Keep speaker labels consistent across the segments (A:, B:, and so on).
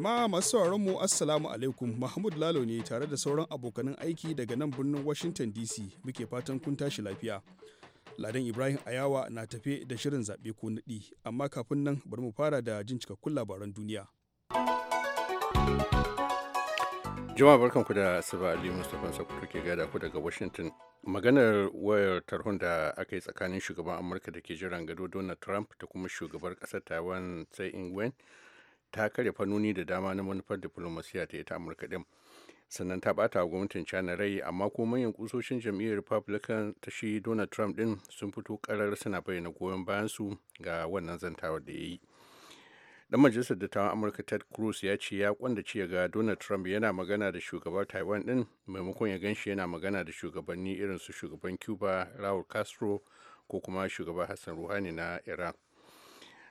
A: Jama'a masu sauraron mu Assalamu alaikum Mahmud Lalo ne tare da sauran abokanan aiki daga nan birnin Washington DC muke fatan kun tashi lafiya. Ladan Ibrahim Ayawa na tafe da shirin zaɓe ko naɗi amma kafin nan bari mu fara da jin cikakkun labaran duniya.
B: Jama'a barkanku da Asuba Ali Mustapha Sakutu ke gada ku daga Washington. Maganar wayar tarhon da aka yi tsakanin shugaban Amurka da ke jiran gado Donald Trump da kuma shugabar kasar Taiwan Tsai Ing-wen ta karya fannoni da dama na manufar diplomasiya ta ita amurka din sannan ta bata gwamnatin china rai amma ko manyan kusoshin jam'iyyar republican ta shi donald trump din sun fito karar suna bayyana goyon bayan su ga wannan zantawar da ya yi dan majalisar dattawan amurka ted cruz ya ce ya kwanda kwandace ga donald trump yana magana da shugaban taiwan din maimakon ya ganshi yana magana da shugabanni irin su shugaban cuba raul castro ko kuma shugaban hassan ruhani na iran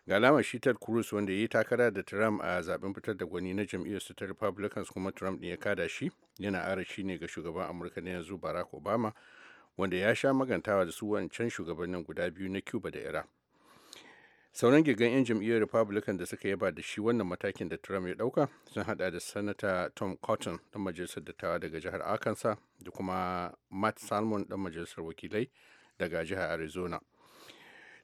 B: ga alamar shi ted cruz wanda ya yi takara da trump a zaben fitar da gwani na jam'iyyar ta republicans kuma trump ne ya kada shi yana ara shi ne ga shugaban amurka na yanzu barack obama wanda ya sha magantawa da su wancan shugabannin guda biyu na cuba da iraq sauran gigan 'yan jam'iyyar republican da suka yaba da shi wannan matakin da trump ya dauka sun hada da sanata tom cotton dan majalisar dattawa daga jihar arkansas da kuma matt salmon dan majalisar wakilai daga jihar arizona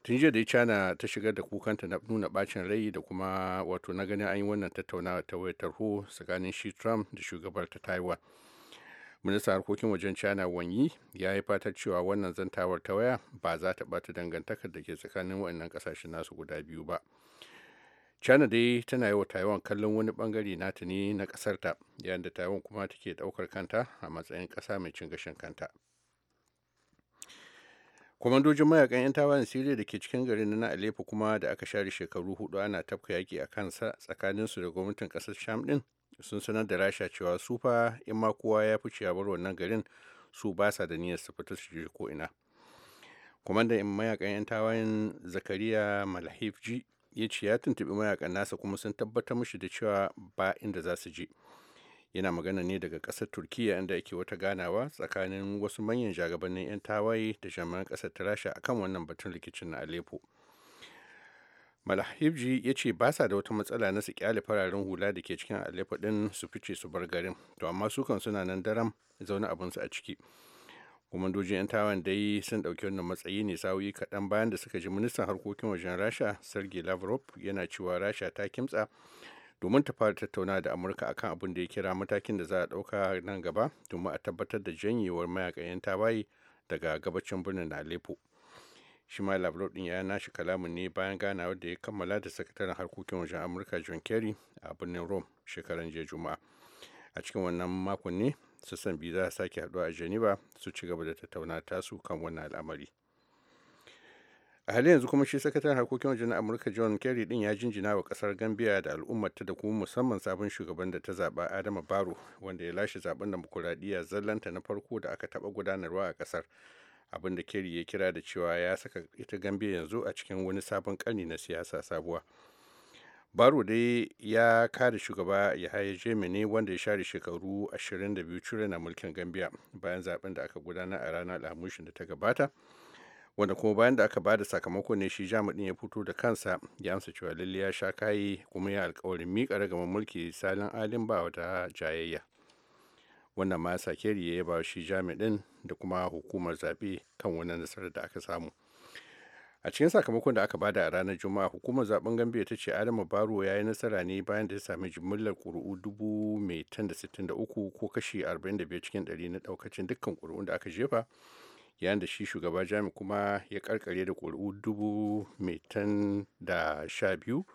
B: tun jiya da china ta shigar da kukanta na nuna bacin rai da kuma wato na ganin an yi wannan tattaunawa ta wayar tarho tsakanin shi trump da shugabar ta taiwan ministan harkokin wajen china wanyi ya yi fatar cewa wannan zantawar ta waya ba za ta bata dangantakar da ke tsakanin waɗannan ƙasashen nasu guda biyu ba china dai tana yi wa taiwan kallon wani bangare nata ne na ƙasarta yayin da taiwan kuma take ɗaukar kanta a matsayin ƙasa mai cin gashin kanta kwamandojin mayakan 'yan tawayen siriya da ke cikin garin na aleppo kuma da aka share shekaru hudu ana tafka yaki a kansa tsakaninsu da gwamnatin kasar sham din sun sanar da rasha cewa su fa in ma kowa ya fi a bar wannan garin su ba sa da niyyar su fita su je ko ina kwamandan mayakan 'yan tawayen zakariya malhifji ya ce ya tuntuɓi mayakan nasa kuma sun tabbatar mishi da cewa ba inda za su je yana magana ne daga kasar turkiya inda yake wata ganawa tsakanin wasu manyan jagabannin 'yan tawaye da jami'an kasar ta rasha akan wannan batun rikicin na aleppo malahibji ya ce ba sa da wata matsala na su kyale fararen hula da ke cikin aleppo din su fice su bar garin to amma su kan suna nan daram zaune abinsu a ciki dojin 'yan tawan dai sun ɗauki wannan matsayi ne sa'o'i kaɗan bayan da suka ji ministan harkokin wajen rasha sergei lavrov yana cewa rasha ta kimtsa domin ta fara tattauna da amurka akan abin da ya kira matakin da za a ɗauka nan gaba domin a tabbatar da janyewar mayakan 'yan tawaye daga gabacin birnin alepo shi ma labarau din ya nashi kalamin ne bayan ganawa da ya kammala da sakataren harkokin wajen amurka john kerry a birnin rome shekaran jiya juma'a a cikin wannan makon ne sassan biyu za a sake haɗuwa a geneva su ci gaba da tattauna tasu kan wannan al'amari a halin yanzu kuma shi sakataren harkokin waje na amurka john kerry din ya jinjina wa kasar gambia da al'ummar ta da kuma musamman sabon shugaban da ta zaba adama baro wanda ya lashe zaben mukuradiyya zallanta na farko da aka taɓa gudanarwa a kasar abin da kerry ya kira da cewa ya saka ita gambia yanzu a cikin wani sabon kani na siyasa sabuwa baro dai ya kare shugaba yahaya jemene wanda ya share shekaru 22 cire na mulkin gambia bayan zaben da aka gudanar a ranar alhamishin da ta gabata wanda kuma bayan da aka ba da sakamako ne shi jami'in ya fito da kansa ya amsa cewa lalle ya sha kayi kuma ya alkawarin miƙa ragaman mulki salin alin ba wata jayayya wannan ma ya ya ba shi jami'in da kuma hukumar zaɓe kan wannan nasarar da aka samu a cikin sakamakon da aka bada a ranar juma'a hukumar zaben gambia ta ce adama baro ya yi nasara ne bayan da ya sami jimillar ƙuri'u dubu mai tan sittin da uku ko kashi arba'in cikin ɗari na daukacin dukkan ƙuri'un da aka jefa yayin da shi shugaba jami kuma ya karkare da ƙuri'u dubu metan da sha biyu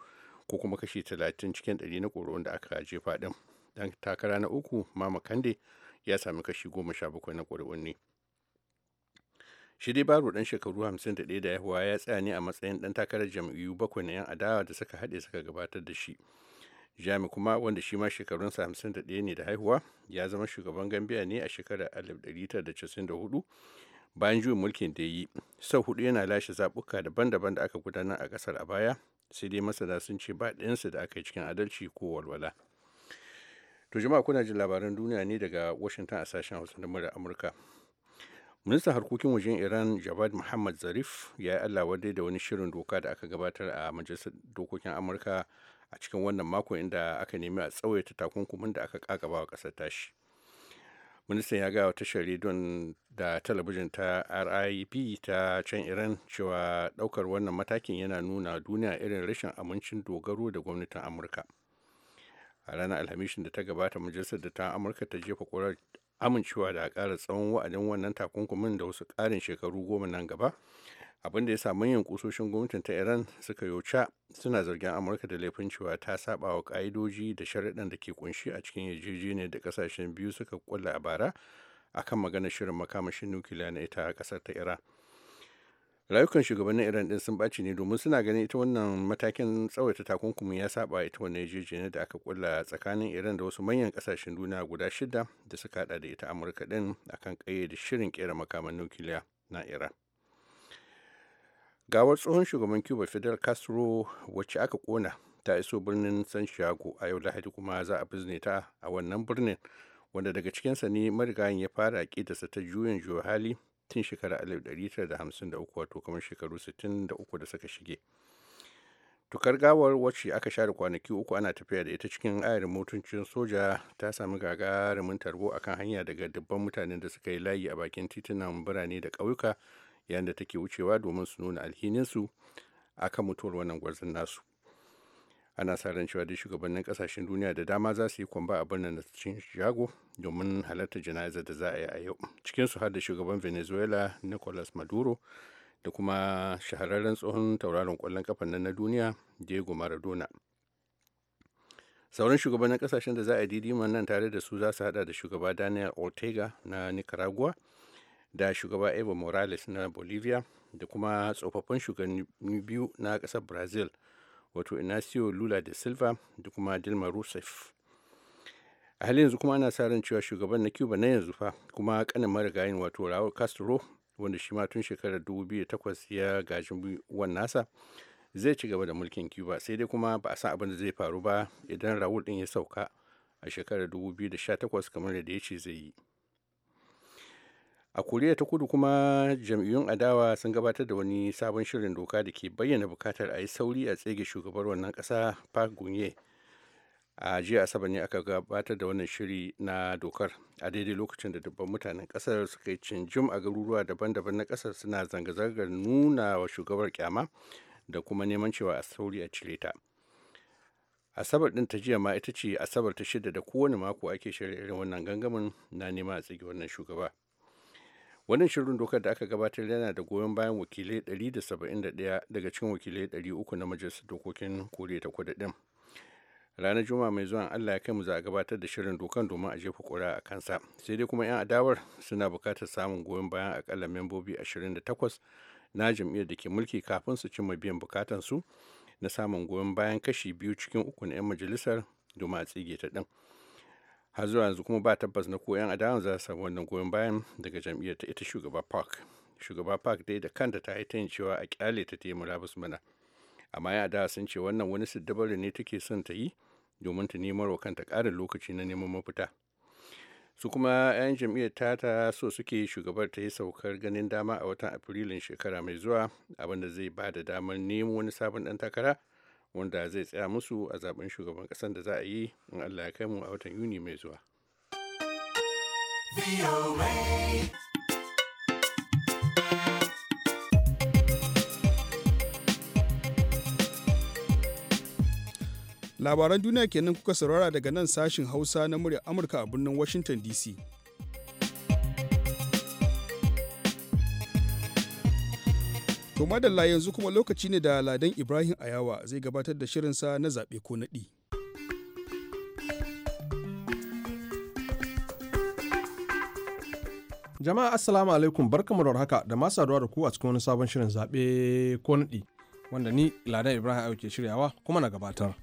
B: ko kuma kashi talatin cikin ɗari na ƙuri'un da aka jefa ɗin dan takara na uku mama kande ya sami kashi goma sha bakwai na ƙuri'un ne shi dai baro dan shekaru 51 da haihuwa ya tsaya ne a matsayin dan takarar jam'iyyu bakwai na 'yan adawa da suka haɗe suka gabatar da shi jami kuma wanda shi ma shekarunsa 51 ne da haihuwa ya zama shugaban gambia ne a shekarar 1994 bayan juyin mulkin da yi sau hudu yana lashe zabuka daban-daban da aka gudanar a kasar a baya sai dai masana sun ce ba ɗayansu da aka yi cikin adalci ko walwala to jama'a kuna jin labaran duniya ne daga washington a sashen hausa na murar amurka ministan harkokin wajen iran javad muhammad zarif ya yi allah wadai da wani shirin doka da aka gabatar a majalisar dokokin amurka a cikin wannan mako inda aka nemi a tsawaita takunkumin da aka kakaba wa kasar tashi ministan ya gawa tashar rediyon da talabijin ta rip ta can iran cewa daukar wannan matakin yana nuna duniya irin rashin amincin dogaro da gwamnatin amurka a ranar alhamishin da ta gabata majalisar da ta amurka ta jefa kurar amincewa da kara tsawon wa'adin wannan takunkumin da wasu karin shekaru goma nan gaba abin da ya samu yin kusoshin gwamnatin ta iran suka yauca suna zargin amurka da laifin cewa ta saba wa ka'idoji da sharaɗin da ke kunshi a cikin yarjejeniyar da kasashen biyu suka kulla a bara akan magana shirin makamashin nukiliya na ita a kasar ta iran rayukan shugabannin iran din sun ɓaci ne domin suna ganin ita wannan matakin tsawaita takunkumin ya saba ita wannan yarjejeniyar da aka kulla tsakanin iran da wasu manyan kasashen duniya guda shida da suka hada da ita amurka din akan kayyade shirin kera makaman nukiliya na iran gawar tsohon shugaban cuba fidel castro wacce aka kona ta iso birnin san shago a yau lahadi kuma za a bizne ta a wannan birnin wanda daga cikinsa ne marigayin ya fara ƙidasa ta juyin juya hali tun shekara 1953 wato kamar shekaru 63 da suka shige tukar gawar wacce aka share kwanaki uku ana tafiya da ita cikin ayar motocin soja ta sami gagarumin tarbo akan hanya daga dubban mutanen da suka yi layi a bakin titunan birane da ƙauyuka yayin da take wucewa domin su nuna alhininsu kan mutuwar wannan gwarzon nasu ana sa ran cewa da shugabannin kasashen duniya da dama za su yi kwamba a birnin na cikin shago domin halartar jana'izar da za a yi a yau cikin su har da shugaban venezuela nicolas maduro da kuma shahararren tsohon tauraron kwallon kafan nan na duniya diego maradona sauran shugabannin kasashen da za a didiman nan tare da su za su hada da shugaba daniel ortega na nicaragua da shugaba evo morales na bolivia da kuma tsofaffin shugabanni biyu na ƙasar brazil wato inacio lula da silva da kuma dilma rousseff a halin yanzu kuma ana sa ran cewa shugaban na cuba na yanzu fa kuma kanin marigayin wato raul castro wanda shi ma tun shekarar 2008 ya gaji wan nasa zai ci gaba da mulkin cuba sai dai kuma ba a san abin da zai faru ba idan raul din ya sauka a shekarar 2018 kamar da ya ce zai yi a koriya ta kudu kuma jam'iyyun adawa sun gabatar da wani sabon shirin doka da ke bayyana bukatar a yi sauri a tsege shugabar wannan kasa park gunye a jiya asabar ne aka gabatar da wannan shiri na dokar a daidai lokacin da dubban mutanen kasar suka yi cinjim a garuruwa daban-daban na kasar suna zanga-zangar nuna wa shugabar kyama da kuma neman cewa a sauri a cire ta asabar din ta jiya ma ita ce asabar ta shida da kowane mako ake shirya irin wannan gangamin na nema a tsige wannan shugaba wannan shirin dokar da aka gabatar yana da goyon bayan wakilai 171 daga cikin wakilai 300 na majalisar dokokin koriya ta kudu din ranar juma mai zuwan allah ya kai mu za a gabatar da shirin dokan domin a jefa kura a kansa sai dai kuma 'yan adawar suna bukatar samun goyon bayan akalla membobi 28 na jam'iyyar da ke mulki kafin su cimma biyan bukatansu na samun goyon bayan kashi biyu cikin uku na 'yan majalisar domin a tsige ta din har zuwa yanzu kuma ba tabbas na ko 'yan adawan za su samu wannan goyon bayan daga jam'iyyar ta ita shugaba park shugaba park dai da kanta ta yi tayin cewa a kyale ta taimu labus mana amma ya sun ce wannan wani siddabaru ne take son ta yi domin ta nema wa kanta ƙarin lokaci na neman mafita su kuma 'yan jam'iyyar ta so suke shugabar ta yi saukar ganin dama a watan afrilun shekara mai zuwa abinda zai ba da damar nemo wani sabon ɗan takara wanda zai tsaya musu a zaben shugaban kasan da za a yi in allah ya kai mu a watan yuni mai zuwa
A: labaran duniya kenan kuka saurara daga nan sashin hausa na murya amurka a birnin washington dc To madalla yanzu kuma lokaci ne da Ladan Ibrahim Ayawa zai gabatar da shirinsa na zaɓe ko naɗi.
C: Jama'a Assalamu alaikum barkamu da haka da masu saduwa da ku a cikin wani sabon shirin zaɓe ko naɗi wanda ni Ladan Ibrahim Ayawa ke shiryawa kuma na gabatar.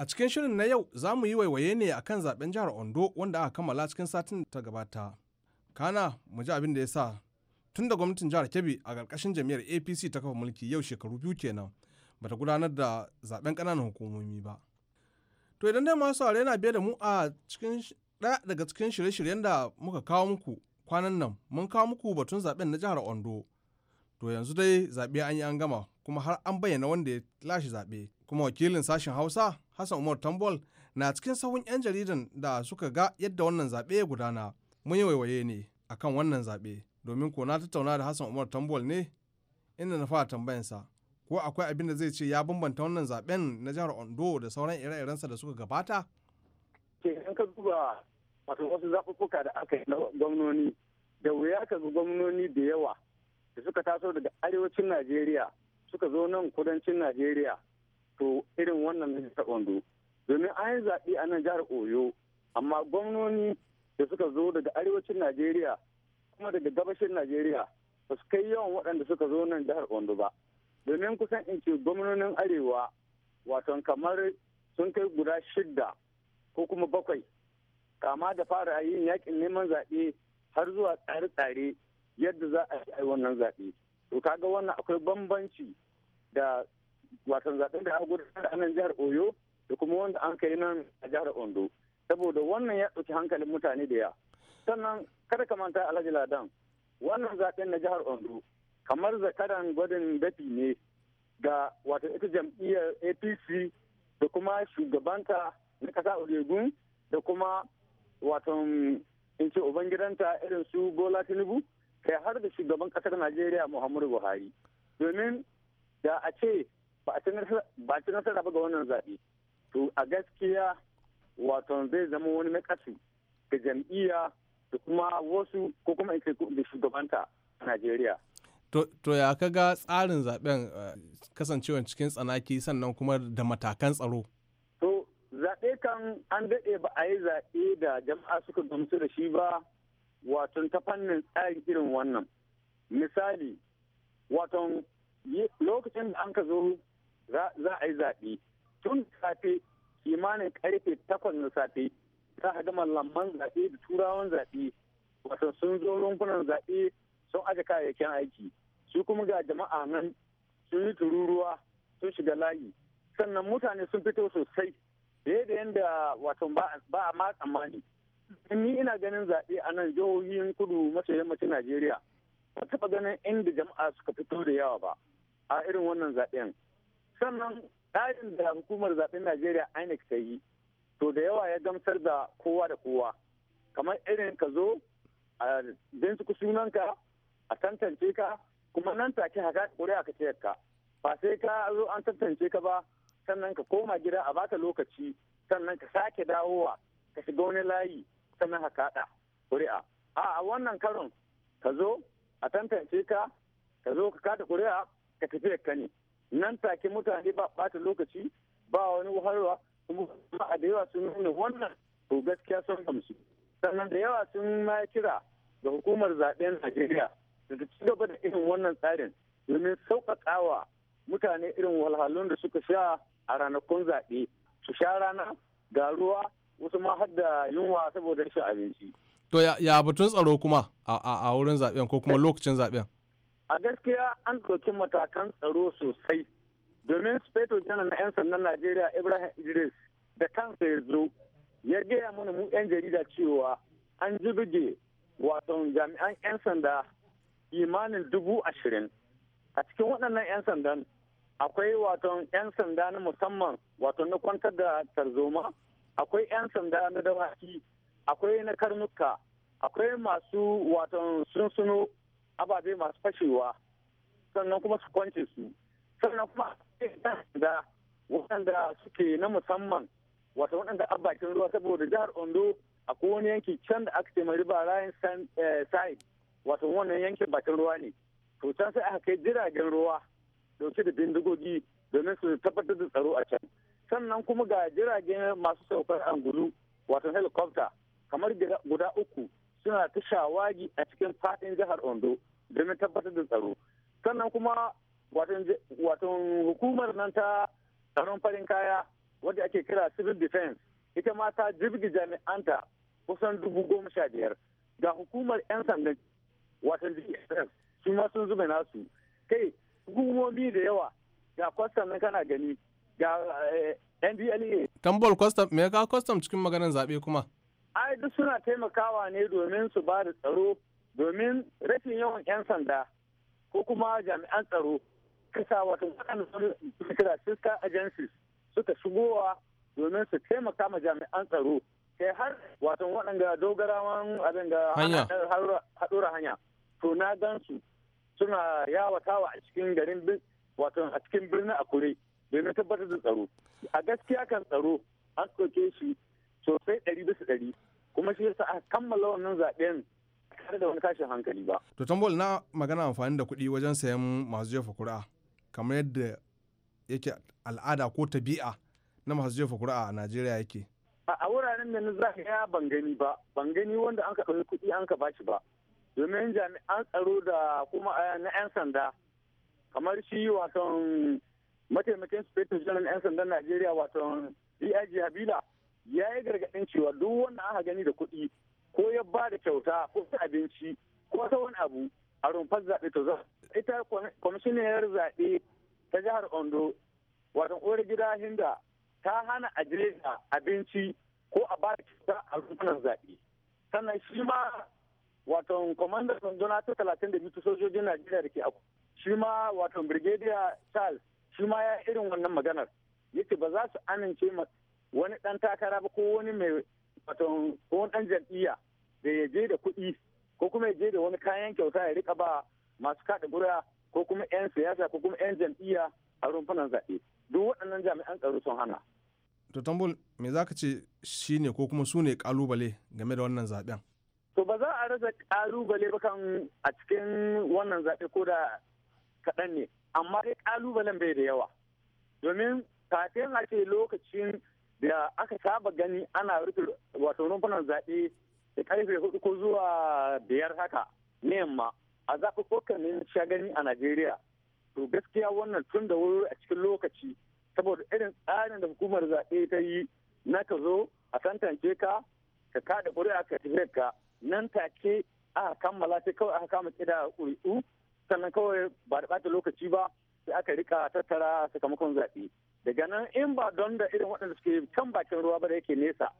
C: A cikin shirin na yau za mu yi waiwaye ne akan zaben jihar Ondo wanda aka kammala cikin satin ta gabata. Kana mu ji abin da ya sa tun da gwamnatin jihar Kebbi a ƙarƙashin jami'ar APC ta kafa mulki yau shekaru biyu kenan ba ta gudanar da zaben ƙananan hukumomi ba. To idan dai masu saurare na biye da mu a cikin ɗaya daga cikin shirye-shiryen da muka kawo muku kwanan nan mun kawo muku batun zaben na jihar Ondo. To yanzu dai zaɓe an yi an gama kuma har an bayyana wanda ya lashe zaɓe kuma wakilin sashen Hausa Hassan Umar Tambol na cikin sahun 'yan jaridan da suka ga yadda wannan zaɓe ya gudana. Mun yi waiwaye ne akan wannan zaɓe domin ko na tattauna da Hassan Umar Tambol ne inda na fara tambayansa ko akwai abin da zai ce ya bambanta wannan zaɓen na jihar Ondo da sauran ire-irensa da suka gabata.
D: Ke in ka duba wato wasu zaɓuɓɓuka da aka yi na gwamnoni da wuya ka ga gwamnoni da yawa da suka taso daga arewacin Najeriya suka zo nan kudancin Najeriya to irin wannan na ta wando domin an yi zaɓe a nan jihar oyo amma gwamnoni da suka zo daga arewacin najeriya kuma daga gabashin najeriya ba su kai yawan waɗanda suka zo nan jihar ondo ba domin kusan in ce gwamnonin arewa wato kamar sun kai guda shidda ko kuma bakwai kama da fara yin yakin neman zaɓe har zuwa tsare-tsare yadda za a yi wannan zaɓe to kaga wannan akwai bambanci da wasan zaɓen da aka gudanar a nan jihar Oyo da kuma wanda an kai nan a jihar Ondo saboda wannan ya ɗauki hankalin mutane da ya sannan kada ka manta Alhaji Ladan wannan zaɓen na jihar Ondo kamar zakaran gwadin dafi ne ga wato ita jam'iyyar APC da kuma shugabanta na ƙasa Olegun da kuma wato in ce ubangidanta irin su Bola Tinubu kai har da shugaban ƙasar Najeriya Muhammadu Buhari domin da a ce ba ci nasara ba ga wannan zaɓe to a gaskiya wato zai zama wani makasi ga jam'iyya da kuma wasu ko kuma in ce da shugabanta a najeriya
C: to ya ka ga tsarin zaben eh, kasancewa cikin tsanaki sannan kuma da matakan tsaro
D: to zaɓe kan an daɗe ba a yi zaɓe da jama'a suka gamsu da shi ba wato ta fannin tsarin irin wannan misali wato lokacin da an ka zo za a yi zaɓe tun safe kimanin karfe takwas na safe za a gama lamman zaɓe da turawan zaɓe wato sun zo rumfunan zaɓe sun aje kayayyakin aiki su kuma ga jama'a nan sun yi tururuwa sun shiga layi sannan mutane sun fito sosai da da yadda wato ba a ma tsammani ni ina ganin zaɓe a nan jihohin kudu maso yammacin najeriya ba taɓa ganin inda jama'a suka fito da yawa ba a irin wannan zaɓen sannan tsarin da hukumar zaben najeriya inec ta yi to da yawa ya gamsar da kowa da kowa kamar irin ka zo a bincika sunanka a tantance ka kuma nan take haka kuri'a ka ce ka ba sai ka zo an tantance ka ba sannan ka koma gida a baka lokaci sannan ka sake dawowa ka shiga wani layi sannan haka da kuri'a a wannan karon ka zo a tantance ka ka zo ka kada kuri'a ka tafi ka ne nan take mutane ba bata lokaci ba wani wahalwa kuma a da yawa sun nuna wannan to gaskiya sun gamsu sannan da yawa sun ma kira ga hukumar zaben najeriya da ta ci gaba da irin wannan tsarin domin sauƙaƙawa mutane irin walhalun da suka sha a ranakun zaɓe su sha rana ga ruwa wasu ma har da yunwa saboda rashin abinci.
C: To ya batun tsaro kuma a wurin zaɓen ko kuma lokacin zaɓen?
D: a gaskiya an ɗauki matakan tsaro sosai domin speto janar na 'yan sandan najeriya ibrahim idris da kansa ya zo ya gaya mana mu 'yan jarida cewa an ji buge wato jami'an 'yan sanda imanin dubu ashirin a cikin waɗannan 'yan sandan akwai wato 'yan sanda na musamman wato na kwantar da tarzoma akwai 'yan sanda na dawaki akwai na karnuka akwai masu wato sunsuno ababe masu fashewa sannan kuma su kwance su sannan kuma da waɗanda suke na musamman wata waɗanda a bakin ruwa saboda jihar ondo a wani yanki can da aka ce mai riba ryan eh, side wato wannan yankin bakin ruwa ne to can sai aka kai jiragen ruwa dauke da bindigogi domin su tabbatar da tsaro a can sannan kuma ga jiragen masu saukar angulu wato helicopter kamar guda uku suna ta shawagi a cikin fadin jihar ondo domin tabbatar da tsaro sannan kuma watan hukumar nan ta tsaron farin kaya wadda ake kira civil defense ita ma ta jirgi jami'anta kusan dubu goma sha biyar ga hukumar 'yan sandan watan dss su ma sun zuba nasu kai hukumomi da yawa ga kwastam na kana gani ga eh, ndla
C: tambol kwastam me ka kwastam cikin maganar zaɓe kuma
D: ai duk suna taimakawa ne domin su ba da tsaro domin rashin yawan 'yan sanda ko kuma jami'an tsaro kasa wata kira sister agencies suka shigowa domin su taimaka ma jami'an tsaro sai har wato waɗanda dogarawan abin da haɗura hanya to na gansu suna yawatawa a cikin garin wato a cikin birnin akure domin tabbatar da tsaro a gaskiya kan tsaro an ɗauke shi sosai ɗari bisa ɗari kuma shi yasa aka kammala wannan zaɓen tare da wani tashin hankali ba.
C: To tambol na magana amfani da kuɗi wajen sayan masu jefa kuri'a kamar yadda yake al'ada ko tabi'a na masu jefa kuri'a a Najeriya yake.
D: A wuraren da na zagaya ban gani ba, ban gani wanda an ka ɗauki kuɗi an ka bashi ba. Domin jami'an tsaro da kuma eh, na 'yan sanda kamar shi waton mataimakin Sufetin Janar 'yan sandan Najeriya waton DIG e Habila ya yi gargaɗin cewa duk wanda aka gani da kuɗi ko ya ba da kyauta ko ta abinci ko ta wani abu a rumfar zaɓe to za ita kwamishiniyar zaɓe ta jihar ondo wato gida hinda ta hana a da abinci ko a ba da kyauta a rumfar zaɓe sannan shi ma wato kwamandar rundunar ta talatin da biyu sojojin najeriya da ke aku shi ma wato brigadier charles shi ma ya irin wannan maganar yake ba za su amince wani ɗan takara ba ko wani mai wato ko wani ɗan jam'iyya da ya je da kuɗi ko kuma ya je da wani kayan kyauta ya rika ba masu kaɗa gura ko kuma 'yan siyasa ko kuma 'yan jam'iyya a rumfunan zaɓe duk waɗannan jami'an tsaro sun hana.
C: to tambul me za ka ce shi ne ko kuma su ne ƙalubale game da wannan zaɓen.
D: to ba za a rasa kalubale ba kan a cikin wannan zaɓe ko da kaɗan ne amma dai kalubalen bai da yawa domin kafin a ce lokacin da aka saba gani ana rufe wato rumfunan zaɓe da karfe hudu ko zuwa biyar haka na yamma a zaɓi kokanin gani a najeriya to gaskiya wannan tun da wuri a cikin lokaci saboda irin tsarin da hukumar zaɓe ta yi na ka zo a tantance ka ka kada ƙuri'a ka tafiyar ka nan take aka kammala sai kawai aka kama a ƙuri'u sannan kawai ba da ɓata lokaci ba sai aka rika tattara sakamakon zaɓe daga nan in ba don da irin waɗanda suke can bakin ruwa ba da yake nesa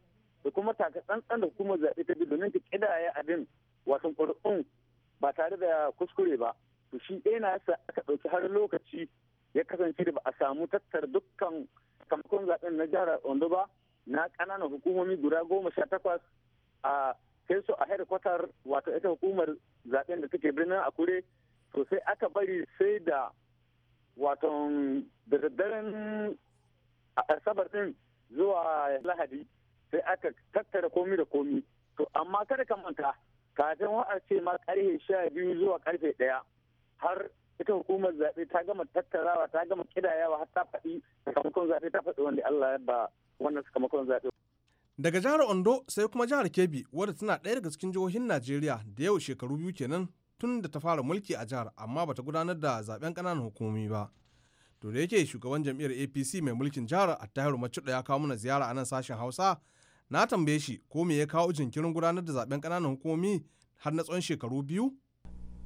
D: da kuma taka tsantsan da hukumar zaɓe ta bi domin ta ƙidaya abin wato ƙuri'un ba tare da kuskure ba to shi ɗaya na yasa aka ɗauki har lokaci ya kasance da ba a samu tattara dukkan kamfanin zaɓen na jihar Ondo ba na ƙananan hukumomi guda goma sha takwas a kai su a hedkwatar wato ita hukumar zaɓen da take birnin Akure sosai aka bari sai da waton da daddaren asabar din zuwa lahadi sai aka tattara komi da komi to amma kada ka manta kafin wa'ar ce ma karfe sha biyu zuwa karfe ɗaya har ita hukumar zaɓe ta gama tattarawa ta gama kidayawa har ta faɗi sakamakon zaɓe ta faɗi wanda Allah ya ba wannan sakamakon zaɓe.
C: Daga jihar Ondo sai kuma jihar Kebbi wadda tana ɗaya daga cikin jihohin Najeriya da yau shekaru biyu kenan tun da ta fara mulki a jihar amma bata gudanar da zaben kananan hukumomi ba to da yake shugaban jam'iyyar apc mai mulkin jihar attahiru macuda ya kawo mana ziyara a nan sashen hausa na tambaye shi ko me ya kawo jinkirin gudanar da zaben kananan hukumomi har na tsawon shekaru biyu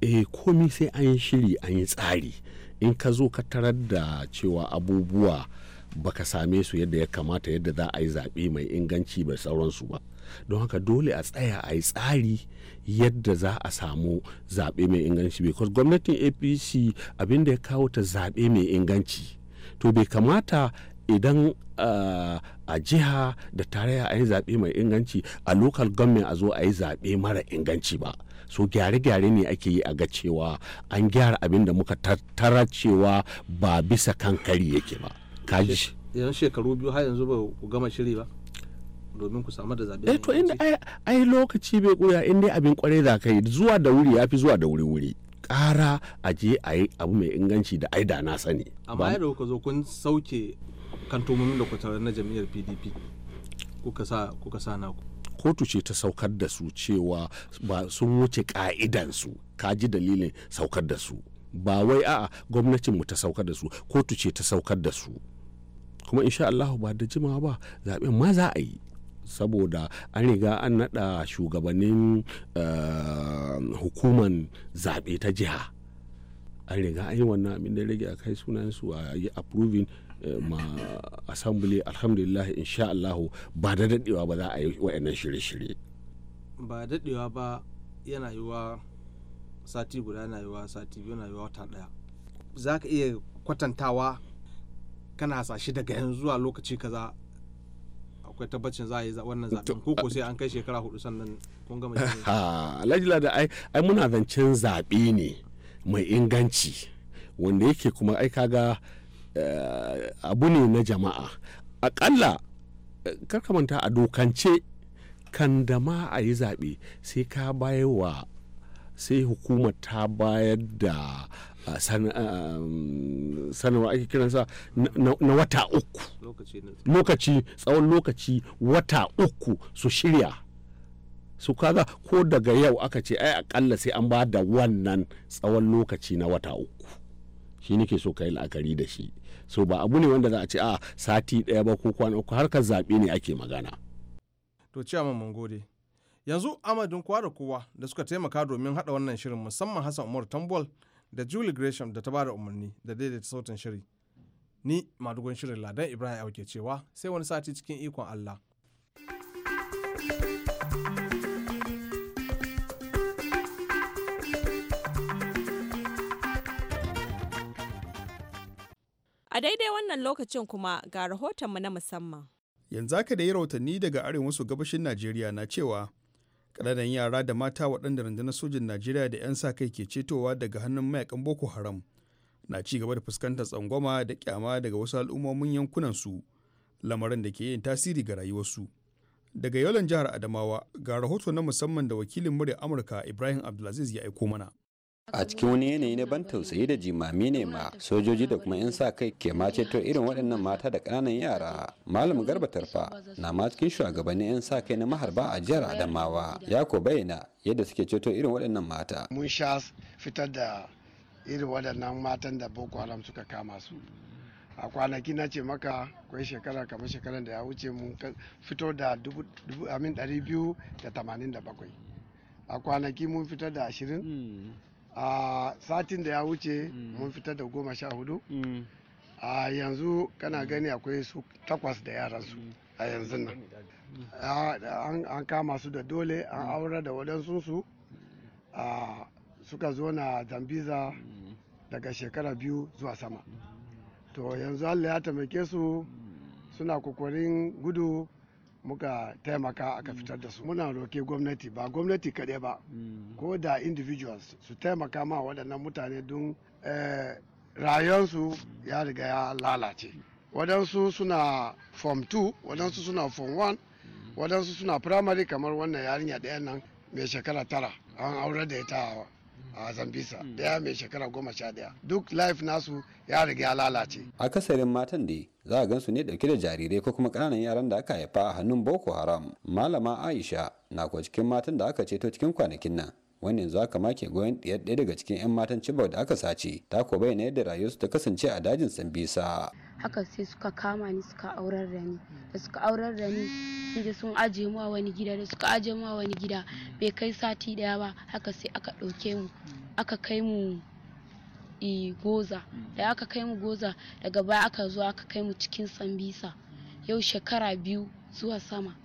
E: eh komi sai an yi shiri an yi tsari in ka zo ka tarar da cewa abubuwa baka same su yadda ya kamata yadda za a yi zaɓe mai inganci bai sauransu ba don haka dole a tsaya a yi tsari yadda za a samu zaɓe mai inganci because gwamnatin apc abinda ya kawo ta zaɓe mai inganci to bai kamata idan ah, a jiha da tarayya a yi zaɓe mai inganci a local government a zo a yi zaɓe mara inganci ba so gyare-gyare ne ake yi a ga cewa an gyara abin da muka tattara cewa ba bisa kankari kari yake ba kaji
C: shekaru biyu har yanzu ba ku gama shiri ba domin ku samu da zaɓe. Eh,
E: to inda ai lokaci bai ƙuya in dai abin kwarai da kai zuwa da wuri ya fi zuwa da wuri wuri. Ƙara a je a yi abu mai inganci da ai da na sani. Amma yadda
C: kuka zo kun sauke kantomomin da kwatar na jam'iyyar PDP kuka sa kuka sa naku.
E: kotu ce ta saukar da su cewa ba sun wuce ka'idansu ka ji dalilin saukar da su ba wai a'a gwamnatinmu ta saukar da su kotu ce ta saukar da su kuma insha Allah ba da jimawa ba zaɓen ma za a yi saboda an riga an naɗa shugabannin eh, hukuman zaɓe ta jiha an riga an yi wannan abin da rage a kai sunansu a yi approving eh, ma assembly alhamdulillah insha Allah ba da daɗewa ba za a yi wa'annan shirye-shirye
C: ba daɗewa ba yana yiwa sati guda yana yiwa sati biyu yana yiwa wata ɗaya za ka iya kwatantawa kana hasashe daga yanzu zuwa lokaci kaza akwai tabbacin za a yi wannan zaben ko ko sai an kai shekara hudu sannan kun gama
E: ha alhaji da ai ai muna zancen zabe ne mai inganci wanda yake kuma ai kaga eh, abu ne na jama'a akalla eh, karka manta a dokance kan da ma a yi zaɓe sai ka bayarwa sai hukumar ta bayar da sanarwa ake kiransa na wata uku lokaci tsawon lokaci wata uku su shirya su kaga ko daga yau aka ce ai akalla sai an ba da wannan tsawon lokaci na wata uku shi nake so ka yi la'akari da shi so ba abu ne wanda za a ce a ah, sati ɗaya ba ko kwana uku harkar zaɓe ne ake magana
C: to cewa mun gode yanzu amadin kowa da kowa da suka taimaka domin haɗa wannan shirin musamman hassan umar tambol da Julie Gresham da ta bada umarni da daidaita sautin shiri. Ni madugon shirin Ladan Ibrahim Auke cewa sai wani sati cikin ikon Allah.
F: A daidai wannan lokacin kuma ga rahotonmu na musamman.
A: Yanzu haka da yi rahotanni daga arewa maso gabashin Najeriya na cewa ƙananan yara da mata waɗanda rundunar sojin najeriya da 'yan sa kai ke cetowa daga hannun mayakan boko haram na ci gaba da fuskantar tsangwama da kyama daga wasu al'ummomin yankunan su lamarin da ke yin tasiri ga rayuwarsu daga yolan jihar adamawa ga rahoto na musamman da wakilin murya amurka ibrahim abdulaziz ya aiko mana a cikin wani yanayi na ban tausayi da
G: jimami ne ma sojoji da kuma 'yan sa kai ke ma ceto irin waɗannan mata da ƙananan yara malam garba tarfa na ma cikin shugabanni 'yan sa kai na maharba a jihar adamawa ya ko bayyana yadda suke ceto irin waɗannan mata
H: mun sha fitar da irin waɗannan matan da boko haram suka kama su a kwanaki na ce maka kwai shekara kamar shekaran da ya wuce mun fito da amin 287 a kwanaki mun fitar da ashirin hmm. a satin da ya wuce mm. mun fitar da goma sha hudu mm. a yanzu kana mm. gani akwai su takwas da yaransu a yanzu nan an kama su da dole an aura da waɗansunsu a suka zo na zambiza daga shekara biyu zuwa sama to yanzu allah ya taimake su suna kokarin gudu muka taimaka aka mm. fitar da su muna roke gwamnati ba gwamnati kaɗai ba mm. ko da individuals su taimaka ma waɗannan mutane don eh, rayuwarsu mm. ya riga ya lalace waɗansu suna form 2 waɗansu suna form 1 waɗansu suna primary kamar wannan yarinya ɗayan nan mai shekara tara an aure da ita a zambisa daya mai shekara goma sha daya duk life nasu ya riga ya lalace
G: akasarin matan da za a gansu ne dauke da jarirai ko kuma kananan yaran da aka haifa a hannun boko haram malama aisha na kuwa cikin matan da aka ceto cikin kwanakin nan wani yanzu aka make goyon ɗaya daga cikin 'yan matan cibau da aka sace ta ko bayyana yadda rayuwarsu ta kasance a dajin sambisa
F: haka sai suka kama ni suka aurar da ni da suka aurar da ni sun je sun aje mu a wani gida da suka aje mu a wani gida bai kai sati daya ba haka sai aka ɗauke mu aka kai mu goza da aka kai mu goza daga baya aka zo aka kai mu cikin sambisa yau shekara biyu zuwa sama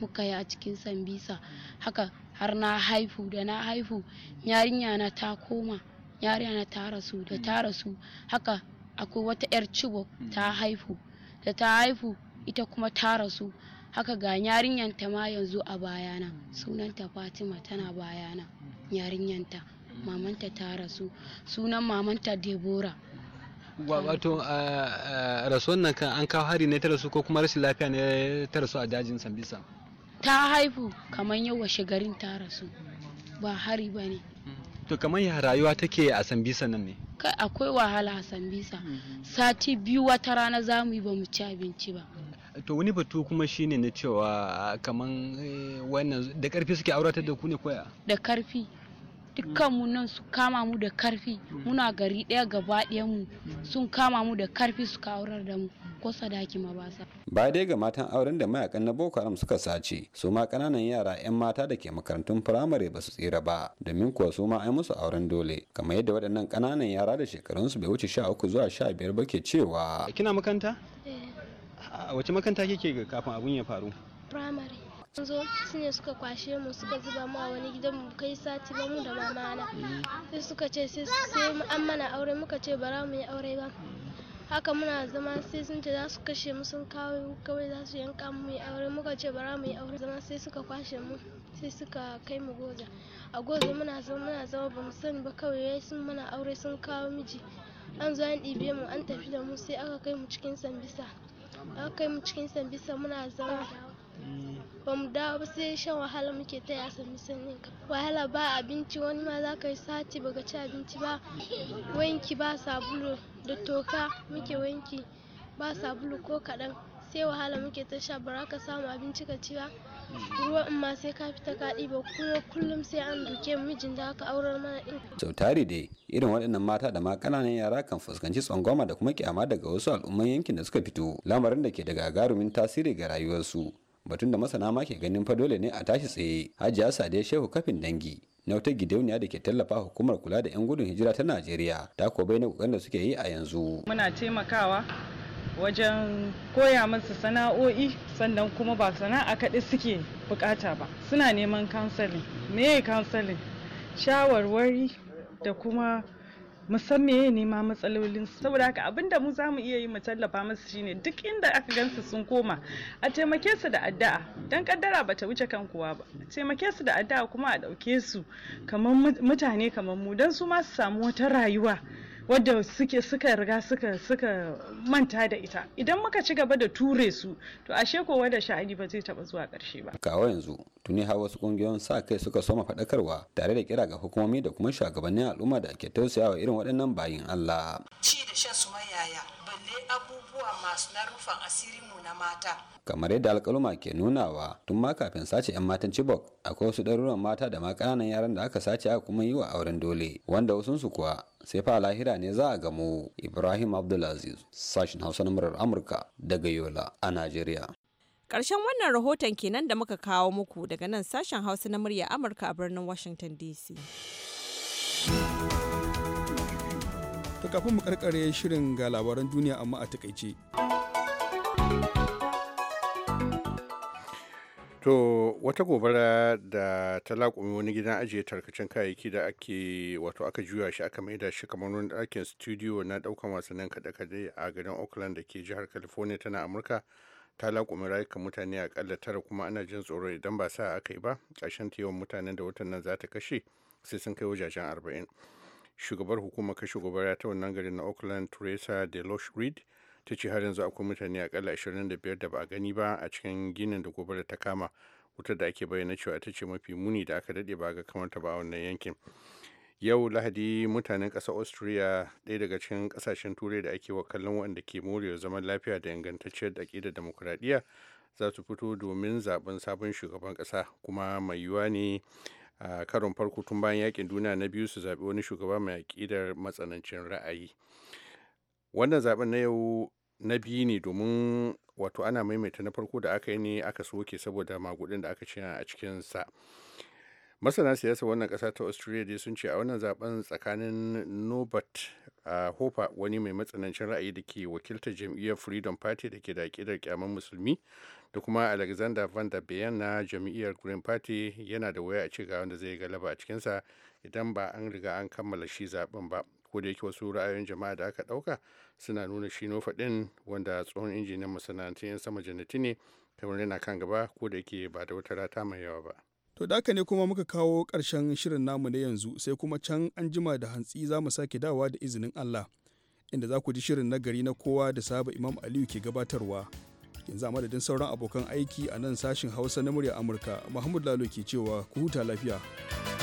F: muka yi a cikin sambisa haka har na haihu da na haihu yarinya na ta koma yarinya na ta rasu da ta rasu haka akwai wata 'yar ciwo hmm. ta haihu da ta haihu ita kuma ta rasu haka ga yarinyanta ma yanzu a bayana hmm. sunanta fatima tana bayana hmm. yarinyanta mamanta ta rasu sunan mamanta debora
G: wato rasuwan nan kan an kawo hari ne ta rasu ko kuma rashin lafiya ne ta rasu a dajin sambisa
F: ta haihu kamar yau washe garin ta rasu ba hari ba ne
G: to kamar ya rayuwa take a sambisa nan ne
F: kai akwai wahala Hassan bisa mm-hmm. sati biyu wata rana za mu yi ba mu ci abinci ba
G: mm-hmm. to wani batu kuma shine na cewa kaman eh, wannan da karfi suke auratar da ku ne koya
F: da karfi dukkanmu nan su kama mu da karfi muna gari ɗaya gaba mu sun kama mu da karfi su kawar da mu ko sadaki ma basa.
G: Ba dai ga matan auren da mayakan na Boko Haram suka sace su ma kananan yara 'yan mata da ke makarantun firamare ba su tsira ba domin kuwa su ma ai musu auren dole kamar yadda waɗannan kananan yara da shekarunsu bai wuce sha uku zuwa sha biyar ba ke cewa. Kina makanta eh. A wace ke kike kafin abun ya faru?
F: Firamare. sun zo shine suka kwashe mu suka zuba mu a wani gidan mu kai sati ba mu da mamana sai suka ce sai an mana aure muka ce bara mu yi aure ba haka muna zama sai sun ce za su kashe mu sun kawo kawai za su yanka mu yi aure muka ce bara mu yi aure zama sai suka kwashe mu sai suka kai mu goza a goza muna zama muna zama ba mu sani ba kawai sun mana aure sun kawo miji an zo an ɗibe mu an tafi da mu sai aka kai mu cikin sambisa aka kai mu cikin sambisa muna zama ba mu dawo ba sai shan wahala muke ta ya sami sannin ka wahala ba abinci wani ma za ka yi sati baka ci abinci ba wanki ba sabulu da toka muke wanki ba sabulu ko kaɗan sai wahala muke ta sha bara ka samu abinci ka ci ba ruwa in ma sai ka fita ka ɗiba kuma kullum sai an duke mijin da aka aurar mana ɗin.
G: sau tari dai irin waɗannan mata da ma ƙananan yara kan fuskanci tsangwama da kuma kyama daga wasu al'umman yankin da suka fito lamarin da ke da gagarumin tasiri ga rayuwarsu batun da masana ma ke ganin fa dole ne a tashi tsaye hajiya sade shehu kafin dangi na wata gidauniya da ke tallafa hukumar kula da 'yan gudun hijira ta najeriya ta ko bai na kokarin da suke yi a yanzu
A: muna taimakawa wajen koya musu sana'o'i sannan kuma ba sana'a kaɗai suke bukata ba suna neman kansalin me kansalin shawarwari da kuma musamman ya nema ne matsalolin su saboda haka abinda mu za mu iya yi mu tallafa musu shine duk inda aka gansu sun koma a taimake su da addu'a dan kaddara bata wuce kan kowa ba a taimake su da addu'a kuma a dauke su kamar mutane kamar mu dan su ma su samu wata rayuwa wadda suke suka riga suka suka manta da ita idan muka ci gaba da ture su to ashe ko da sha'ani ba zai taba zuwa karshe ba
G: kawo yanzu tuni har wasu kungiyoyin sa kai suka soma faɗakarwa tare da kira ga hukumomi da kuma shugabannin al'umma da ke tausayawa irin waɗannan bayin Allah
E: ci da shan su mayaya balle abubuwa masu na rufan asirin mu na mata
G: kamar yadda alkaluma ke nunawa tun ma kafin sace 'yan matan Chibok akwai wasu ɗaruruwan mata da ma ƙananan yaran da aka sace aka kuma yi wa auren dole wanda wasunsu kuwa sai fa lahira ne za a gamo ibrahim abdulaziz sashin hausa na murar amurka daga yola a najeriya
F: Ƙarshen wannan rahoton kenan da muka kawo muku daga nan sashen Hausa na murya Amurka a birnin Washington DC.
A: ta kafin mu karkare shirin ga labaran duniya amma a takaice.
B: To wata gobara da ta laƙumi wani gidan ajiye tarkacen kayayyaki da ake wato aka juya shi aka maida shi kamar wani ɗakin studio na ɗaukan wasannin kaɗe-kaɗe a garin Oakland da ke jihar California tana Amurka ta laƙumi rayukan mutane a ƙalla tara kuma ana jin tsoro idan ba sa aka yi ba ƙarshen ta yawan mutanen da watan nan za ta kashe sai sun kai wajajen arba'in. Shugabar hukumar kashe gobara ta wannan garin na Oakland Teresa DeLoche Reed ta ce har yanzu akwai mutane a kala 25 da ba a gani ba a cikin ginin da gobara ta kama wutar da ake bayyana cewa ta ce mafi muni da aka dade ba ga ta ba a wannan yankin yau lahadi mutanen ƙasar austria daya daga cikin ƙasashen turai da ake wa kallon waɗanda ke morewa zaman lafiya da ingantacciyar aƙidar demokuraɗiyya za su fito domin zaben sabon shugaban ƙasa kuma mai yiwuwa ne a karon farko tun bayan yakin duniya na biyu su zaɓi wani shugaba mai aƙidar matsanancin ra'ayi wannan zaben na yau na biyu ne domin wato ana maimaita na farko da aka yi ne aka soke saboda magudin da aka ci a cikin sa masana siyasa wannan kasa ta australia dai sun ce a wannan zaben tsakanin nobert uh, ah, wani mai matsanancin ra'ayi da ke wakiltar jam'iyyar freedom party da ke da ƙidar kyaman musulmi da kuma alexander van der bayan na jam'iyyar green party yana da waya a cigaba wanda zai galaba a cikinsa idan ba an riga an kammala shi zaben ba ko da wasu ra'ayoyin jama'a da aka ɗauka suna nuna shi faɗin wanda tsohon injiniyan masana'antun 'yan sama janati ne kamar yana kan gaba ko da yake ba da wata rata mai yawa ba.
A: To da haka ne kuma muka kawo karshen shirin namu na yanzu sai kuma can an jima da hantsi za mu sake dawa da izinin Allah inda za ku ji shirin na gari na kowa da saba Imam Aliyu ke gabatarwa. Yanzu a madadin sauran abokan aiki a nan sashin Hausa na murya Amurka, Muhammadu Lalo ke cewa ku huta lafiya.